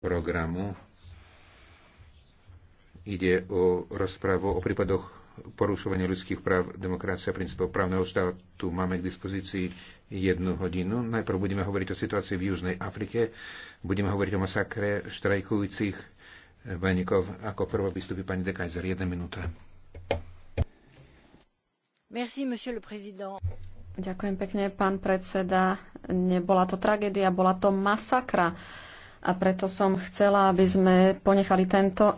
programu. Ide o rozprávu o prípadoch porušovania ľudských práv, demokracia a princípov právneho štátu. Máme k dispozícii jednu hodinu. Najprv budeme hovoriť o situácii v Južnej Afrike. Budeme hovoriť o masakre štrajkujúcich vojnikov. Ako prvo vystupí pani Dekajzer. Jedna minúta. Merci, monsieur le président. Ďakujem pekne, pán predseda. Nebola to tragédia, bola to masakra. A preto som chcela, aby sme ponechali tento